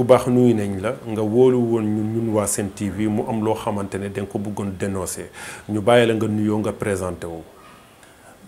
ku baax nuyu nañ la nga wóolu woon ñun ñun waa Sen TV mu am loo xamante ne da nga ko bëggoon dénoncer ñu bàyyi la nga nuyoo nga présenté wu.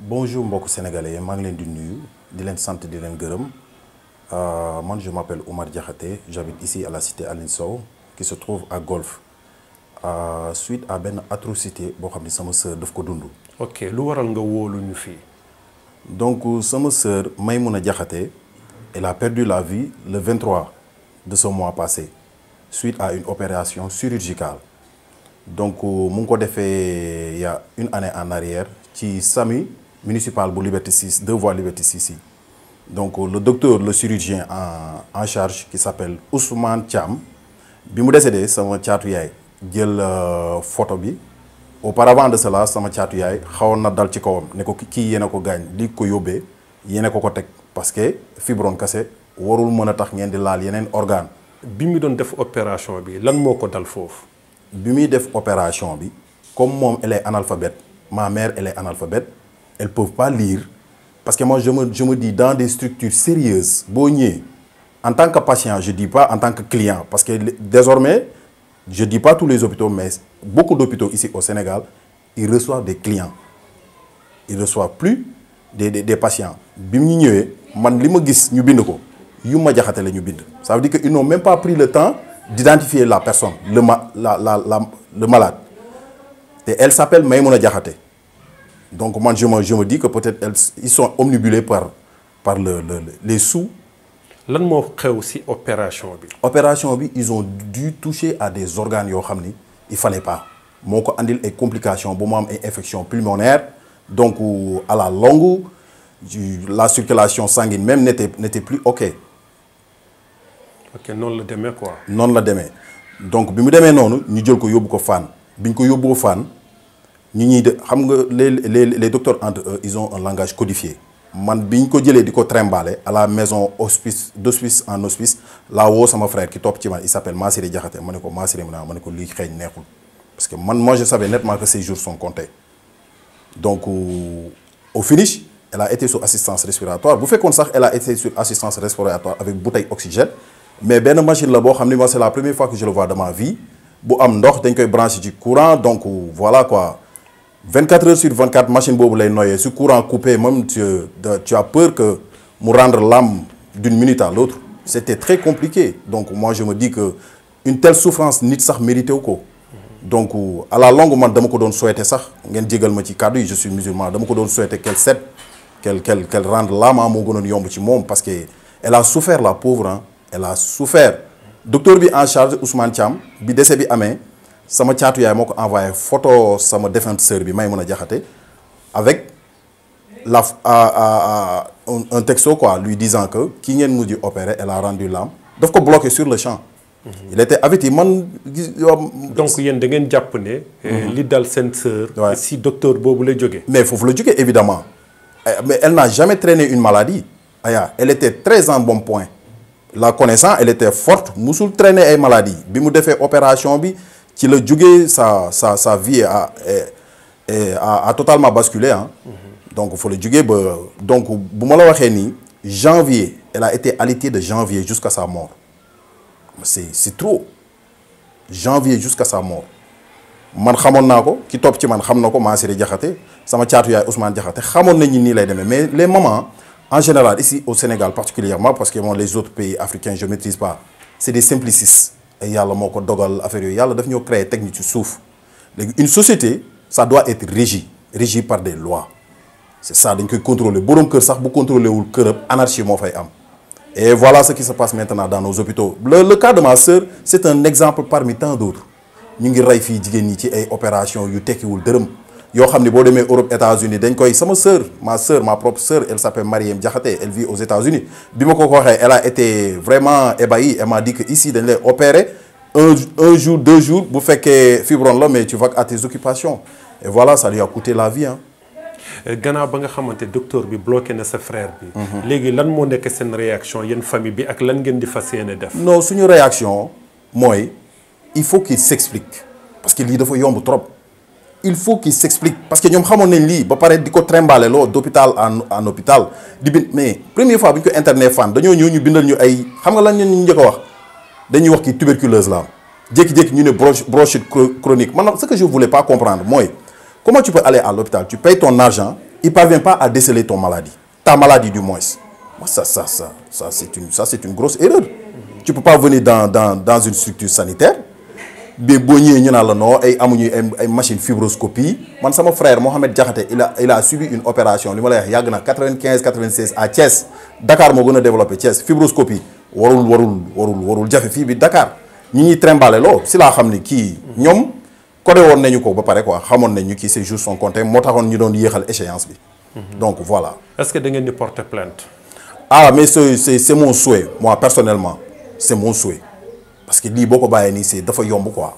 bonjour mbokk sénégalais maa ngi leen di nuyu di leen sant di leen gërëm euh, man je m'appelle Omar Diakhaté j'habite ici à la cité Aline qui se trouve à Golf euh, suite à benn atrocité boo xam ne sama sœur daf ko dund. ok lu waral nga wóolu ñu fii. donc sama sœur Maïmouna Diakhaté elle a perdu la vie le 23 de ce mois passé suite à une opération chirurgicale donc euh, mon ngi ko defee il y a une année en arrière ci SAMU municipal bu Liberté 6 deux voies Liberté 6 donc euh, le docteur le chirurgien en en charge qui s'appelle Ousmane Thiam bi mu décédé sama caatu yaay jël euh, photo bi auparavant de cela sama caatu yaay xawoon na dal ci kawam ne ko kii yéen a ko gaañ li ko yóbbee yéen a ko ko parce que fibrone cassée warul mën a tax ngeen di laal yenen organe bi mi doon def opération bi lan moko dal foofu. bi mi def opération bi comme mom elle est analphabète ma mère elle est analphabète elle peuvent pas lire parce que moi je me je me dis dans des structures sérieuses boo en tant que patient je dis pas en tant que client parce que désormais je dis pas tous les hôpitaux mais beaucoup d'hôpitaux ici au Sénégal ils reçoivent des clients ils reçoivent plus des des, patients bi mu ñëwee man li ma gis ñu bind ko. Ils ça veut dire qu'ils n'ont même pas pris le temps d'identifier la personne le malade et elle s'appelle Maïmouna Djahaté. donc moi, je me dis que peut-être ils sont omnibulés par les sous. lan opération opération ils ont dû toucher à des organes il ne il fallait pas mon des complications des infection pulmonaire donc euh, à la longue la circulation sanguine même n'était plus ok ok la démé quoi. la donc bi mu demee noonu ñu jël ko yobbu ko fan biñ ko yóbboo fan ñi ñi xam nga les les les docteurs entre eux ils ont un langage codifié. man biñ ko jëlé diko ko à la maison hospice d'hospice en hospice laa woo sama frère qui top ci man il s'appelle Massiré Diakhaté mané ko Massiré mané naa ko li xéñ neexul parce que man moi je savais nettement que ces jours sont comptés donc euh, au finish elle a été sur assistance respiratoire bu fekkoon sax elle a été sur assistance respiratoire avec bouteille oxygène mais ben machine la c'est la première fois que je le vois de ma vie bu am ndox dañ koy brancher ci courant donc voilà quoi 24 heures sur 24 machine bobu lay noyer, courant coupé même tu as peur que mu rendre l'âme d'une minute à l'autre c'était très compliqué donc moi je me dis que une telle souffrance nit sax mérité ko donc à la longue man dama ko doon souhaiter sax ngeen djegal ma ci cadeau je suis musulman dama ko doon souhaiter qu'elle qu'elle qu'elle qu'elle rende l'âme à ah, mon yomb ci parce que elle a souffert la pauvre hein elle a souffert docteur bi en charge Ousmane Cham, bi décès bi amé sama caatu yaay moko photo sama défunte sœur bi may jaxaté avec un texto quoi lui disant que ki ngeen a opéré elle a rendu l'âme daf ko bloqué sur le champ. Mhm. il était avité. man donc il da ngeen jàpp ne. Eh, mhm. li dal centre sœur. si docteur boobu la jógee. mais faut le jógee évidemment eh, mais elle n'a jamais traîné une maladie. elle était très en bon point la connaissance elle était forte Elle traînait une maladie bi fait une opération sa vie a totalement basculé hein. mm-hmm. donc il faut le bah, donc janvier elle a été alitée de janvier jusqu'à sa mort c'est trop janvier jusqu'à sa mort mais les mamans en général, ici au Sénégal particulièrement, parce que les autres pays africains, je ne maîtrise pas, c'est des simplicistes. Et yalla moko dogal affaire yalla daf devenir créer technique ci souffle. Une société, ça doit être régi, régi par des lois. C'est ça Donc, contrôler. Borom que sax bu contrôler wul kërëb anarchie mo fay Et voilà ce qui se passe maintenant dans nos hôpitaux. Le, cas de ma sœur, c'est un exemple parmi tant d'autres. Nous ngi ray fi jigen ñi ci ay opération yu yo xam bo démé Europe États-Unis dañ koy sama sœur ma sœur ma propre sœur elle s'appelle Mariam Diakhaté elle vit aux États-Unis bima ko ko elle a été vraiment ébahie elle m'a dit que ici dañ lay opérer un un jour deux jours bu féké fibrome la mais tu vas à tes occupations et voilà ça lui a coûté la vie hein. Euh, gana ba nga xamante docteur bi bloqué na sa frère bi. légui lan mo nekk une réaction une famille bi ak lan ngeen di fas yéene def. non suñu réaction moy il faut qu'il s'explique parce que lii dafa yomb trop il faut qu'il s'explique parce que ñoom xamoon nañ lii ba pare di ko trimbalé d'hôpital en hôpital Mais la mais première fois bu ñu nous fan dañoo ñëw on bindal ñu ay xam nga lan ñu a wax dañuy wax ki tuberculeuse la am bronchite chronique ce que je ne voulais pas comprendre Moi, comment tu peux aller à l'hôpital tu payes ton argent il ne parvient pas à déceler ton maladie ta maladie du moins ça ça ça ça c'est une une grosse erreur tu ne peux pas venir dans dans dans une structure sanitaire bi boo ñëwee ñu naan la non ay amuñu ay machine fibroscopie man sama frère Mohamed Diakhaté il a il a subi une opération li ma lay wax na 95 96 à Thiès Dakar mo gën développer Thiès fibroscopie warul warul warul warul jafé fii bi Dakar ñi ñi trimbalé Lo. si la xam ni kii ñoom codé woon nañu ko ba paré quoi xamone nañu ki ces jours sont comptés mo taxone ñu doon yéxal échéance bi. Mhm. donc voilà. est-ce que da ngeen di porter plainte. ah mais c'est c'est mon souhait moi personnellement c'est mon souhait parce que dit beaucoup ko bàyyee c'est dafa yomb quoi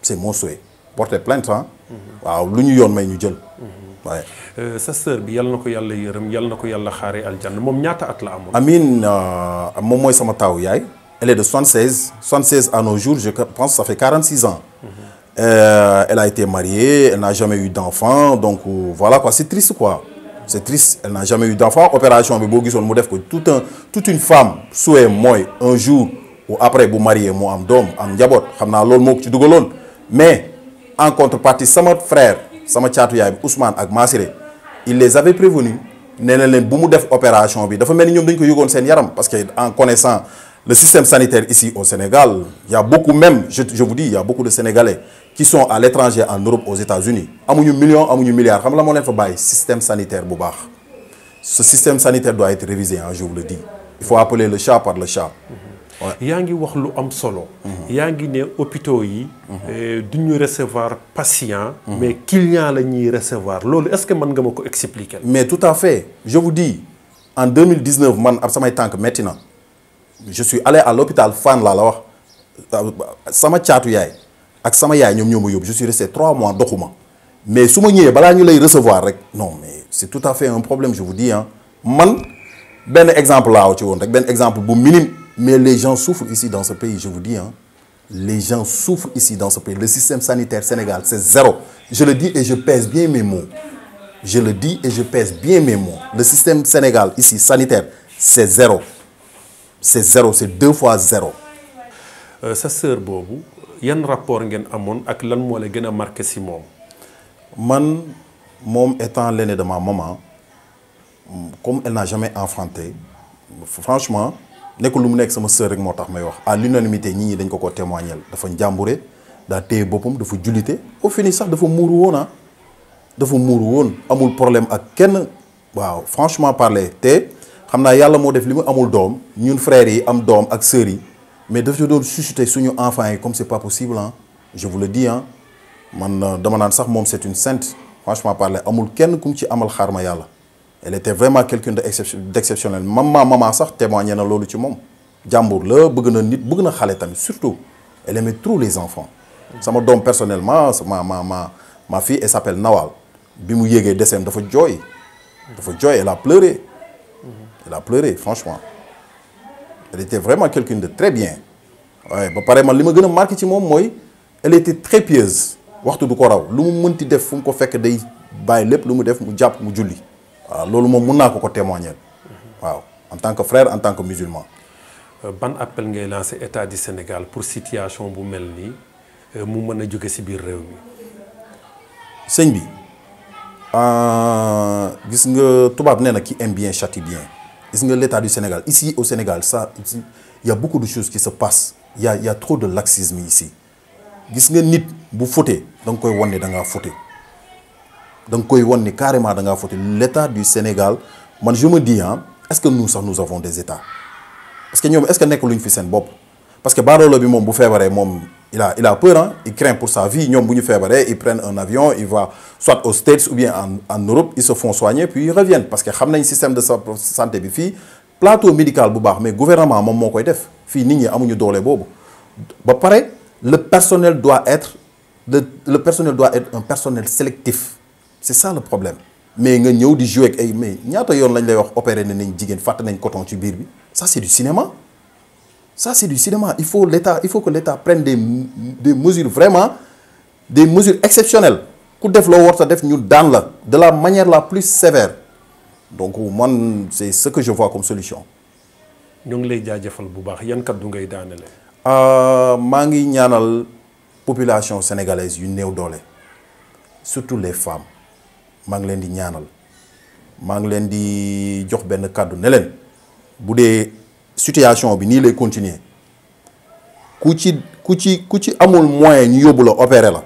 c'est mon souhait porter plainte hein. waaw lu ñu yoon may ñu jël. waaye. Mm-hmm. Euh, sa sœur bi yalla nako yalla yàlla yalla nako yalla ko yàlla xaaree aljanna moom ñaata at la amoon. Amine euh, mom moy sama taw yaay. elle est de 76 76 à nos jours je pense ça fait 46 ans. Mm-hmm. Euh, elle a été mariée elle n'a jamais eu d'enfant donc euh, voilà quoi c'est triste quoi. c'est triste elle n'a jamais eu d'enfant opération bi bo gisoon mu def ko tout un toute une femme souhait moy un jour après bu marié mu am dom am njaboot xam naa loolu ci dugaloon mais en contrepartie sama frère sama caatu yaay Ousmane ak Massiré il les avait prévenus nee na leen bu mu def opération bi dafa melni ñom dañ ko yëgoon sen yaram parce que en connaissant le système sanitaire ici au Sénégal il y a beaucoup même je je vous dis il y a beaucoup de Sénégalais qui sont à l'étranger en Europe aux États-Unis amuñu million amuñu milliards xam la mo leen fa bàyyi système sanitaire bu baax ce système sanitaire doit être révisé hein je vous le dis il faut appeler le chat par le chat yaa wax lu am solo. Mhm. yaa ngi ne hôpitaux yi. Mhm. Eh, du ñu recevoir patient. Mhm. mais client la ñuy recevoir loolu est-ce que man nga mako expliquer. mais tout à fait je vous dis en 2019 man ab samay tank maintenant je suis allé à l'hôpital fan la wax sama caatu yaay ak sama yaay ñom ñoma yob je suis resté trois mois dokuma mais suma ma ñëwee balaa ñu lay recevoir rek non mais c'est tout à fait un problème je vous dis hein man ben exemple là ci won rek ben exemple bu minime. Mais les gens souffrent ici dans ce pays, je vous dis. Hein. Les gens souffrent ici dans ce pays. Le système sanitaire sénégal, c'est zéro. Je le dis et je pèse bien mes mots. Je le dis et je pèse bien mes mots. Le système sénégal, ici, sanitaire, c'est zéro. C'est zéro, c'est deux fois zéro. Euh, sa sœur a un rapport avec amoon ak lan moo a marqué man étant l'aîné de ma maman comme elle n'a jamais enfanté franchement. Ne lu mu nekk sama sœur rek motax may wax à l'unanimité ñi ñi dañ ko ko témoigner dafa njàmbure daa téye boppam dafa julité. au fini sax dafa muuru wona ah. dafa muuru won amul problème ak kenn waaw franchement parler te xamna yalla mo def limu amul dom. ñun frère yi am dom ak sœur yi mais dafa do susciter suñu enfants yi comme c'est pas possible hein. je vous le dis hein. man dama naan sax mom c'est une sainte franchement parler amul kenn ku ci amal xarma yalla elle était vraiment quelqu'un d'exceptionnel maman maman sax témoigné na loolu ci moom jambour. Le bëgg na nit bëgg na xale surtout elle aimait trop les enfants sama donne personnellement ma ma ma ma fille elle s'appelle Nawal bi mu yéegee décès dafa de dafa jooy elle a pleuré elle a pleuré franchement elle était vraiment quelqu'un de très bien waaye ba pare man li ma marqué ci moom mooy elle était très pieuse waxtu du ko raw lu mu mënti def fu mu ko fekk day bàyyi lépp lu mu def mu jàpp mu julli lolu mom moom mun ko ko témoigner waaw en tant que frère en tant que musulman. Euh, ban appel ngay lancer état du Sénégal pour situation bu mel nii euh, mu mën a jóge ci biir réew mi. sëñ bi euh, gis nga tubaab nee na qui aime bien châtie bien gis nga l'état du Sénégal ici au Sénégal ça il y a beaucoup de choses qui se passent il y a il y a trop de laxisme ici gis nga nit bu fauté da nga koy wan ne da ngaa fauté donc, nga koy wan carrément da ngaa fauté l'état du Sénégal man je me dis hein, est-ce que nous ça nous avons des états parce que ñoom est-ce que nekk luñ fi seen bopp parce que Barolo, bi moom bu feebaree moom il a il a peur hein, il craint pour sa vie ñoom bu ñu feebaree ils prennent un avion Ils vont soit aux States ou bien en en Europe ils se font soigner puis ils reviennent parce que xam un système de santé bi plateau médical bu baax mais gouvernement moom moo koy def fii nit ñi amuñu doole boobu ba le personnel doit être le personnel doit être un personnel sélectif c'est ça le problème mais nga ñëw di jouer avec ay mais ñaata yoon lañ lay wax opéré nañ jigen fat nañ coton ci bir bi ça c'est du cinéma ça c'est du cinéma il faut l'État il faut que l'État prenne des des mesures vraiment des mesures exceptionnelles ku def lo war a def ñu daan la de la manière la plus sévère donc moi, c'est ce que je vois comme solution. ñu ngi lay jaajëfal bu baax yan du ngay daanale. Euh, ma ngi ñaanal population sénégalaise yu néew doole surtout les femmes maa leen di ñaanal maa leen di jox benn kàddu ne leen bu dee situation bi nii lay continuer ku ci ku ci ku ci amul moyen ñu yóbbu la opéré la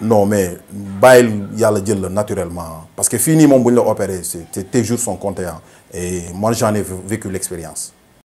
non mais bàyyil yàlla jël la naturellement parce que fii nii moom bu ñu la opéré c'était tes jours sont comptés hein. et moi j'en ai vécu l'expérience